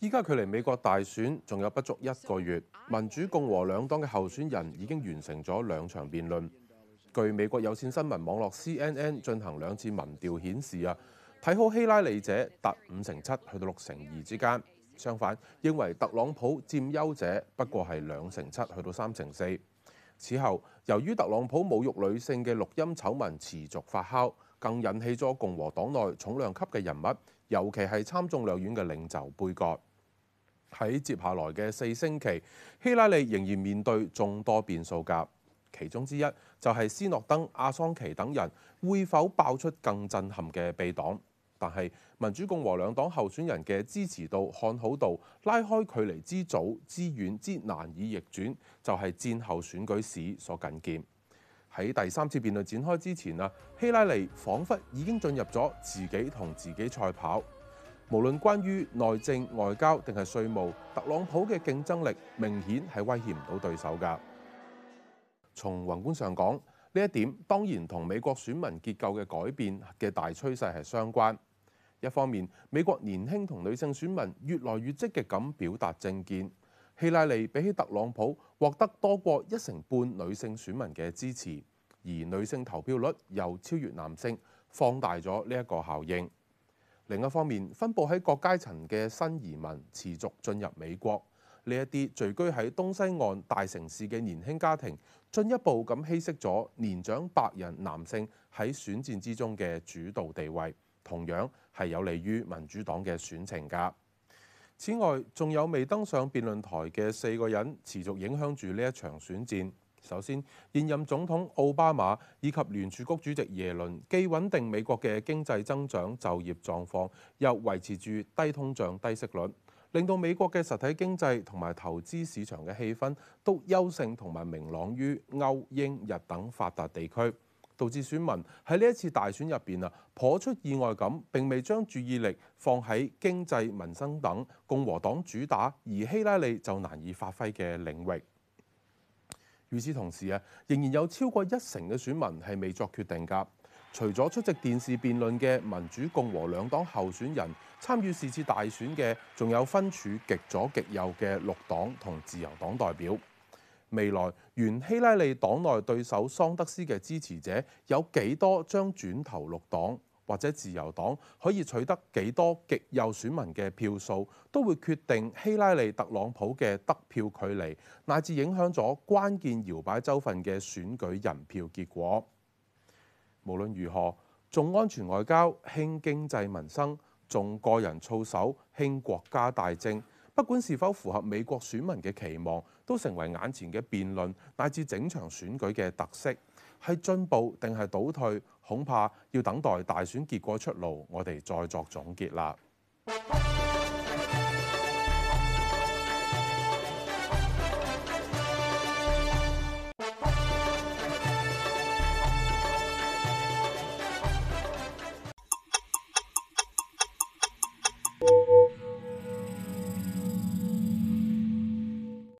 依家、no, 距離美國大選仲有不足一個月，民主共和兩黨嘅候選人已經完成咗兩場辯論。據美國有線新聞網絡 CNN 進行兩次民調顯示啊，睇好希拉里者達五成七去到六成二之間；相反，認為特朗普佔優者不過係兩成七去到三成四。此後，由於特朗普侮辱女性嘅錄音醜聞持續發酵。更引起咗共和黨內重量級嘅人物，尤其係參眾兩院嘅領袖背角。喺接下來嘅四星期，希拉里仍然面對眾多變數㗎。其中之一就係、是、斯諾登、阿桑奇等人會否爆出更震撼嘅秘檔？但係民主共和兩黨候選人嘅支持度、看好度拉開距離之早之遠之難以逆轉，就係、是、戰後選舉史所僅見。喺第三次辯論展開之前啊，希拉里彷彿已經進入咗自己同自己賽跑。無論關於內政、外交定係稅務，特朗普嘅競爭力明顯係威脅唔到對手㗎。從宏觀上講，呢一點當然同美國選民結構嘅改變嘅大趨勢係相關。一方面，美國年輕同女性選民越來越積極咁表達政見。希拉里比起特朗普獲得多過一成半女性選民嘅支持，而女性投票率又超越男性，放大咗呢一個效應。另一方面，分佈喺各階層嘅新移民持續進入美國，呢一啲聚居喺東西岸大城市嘅年輕家庭，進一步咁稀釋咗年長白人男性喺選戰之中嘅主導地位，同樣係有利於民主黨嘅選情噶。此外，仲有未登上辯論台嘅四個人，持續影響住呢一場選戰。首先，現任總統奧巴馬以及聯儲局主席耶倫既穩定美國嘅經濟增長就業狀況，又維持住低通脹低息率，令到美國嘅實體經濟同埋投資市場嘅氣氛都優勝同埋明朗於歐、英、日等發達地區。導致選民喺呢一次大選入邊啊，頗出意外咁，並未將注意力放喺經濟民生等共和黨主打而希拉里就難以發揮嘅領域。與此同時啊，仍然有超過一成嘅選民係未作決定㗎。除咗出席電視辯論嘅民主共和兩黨候選人，參與此次大選嘅，仲有分處極左極右嘅綠黨同自由黨代表。未來，原希拉里黨內對手桑德斯嘅支持者有幾多將轉投綠黨或者自由黨，可以取得幾多極右選民嘅票數，都會決定希拉里特朗普嘅得票距離，乃至影響咗關鍵搖擺州份嘅選舉人票結果。無論如何，重安全外交，輕經濟民生，重個人操守，輕國家大政。不管是否符合美國選民嘅期望，都成為眼前嘅辯論，乃至整場選舉嘅特色。係進步定係倒退，恐怕要等待大選結果出爐，我哋再作總結啦。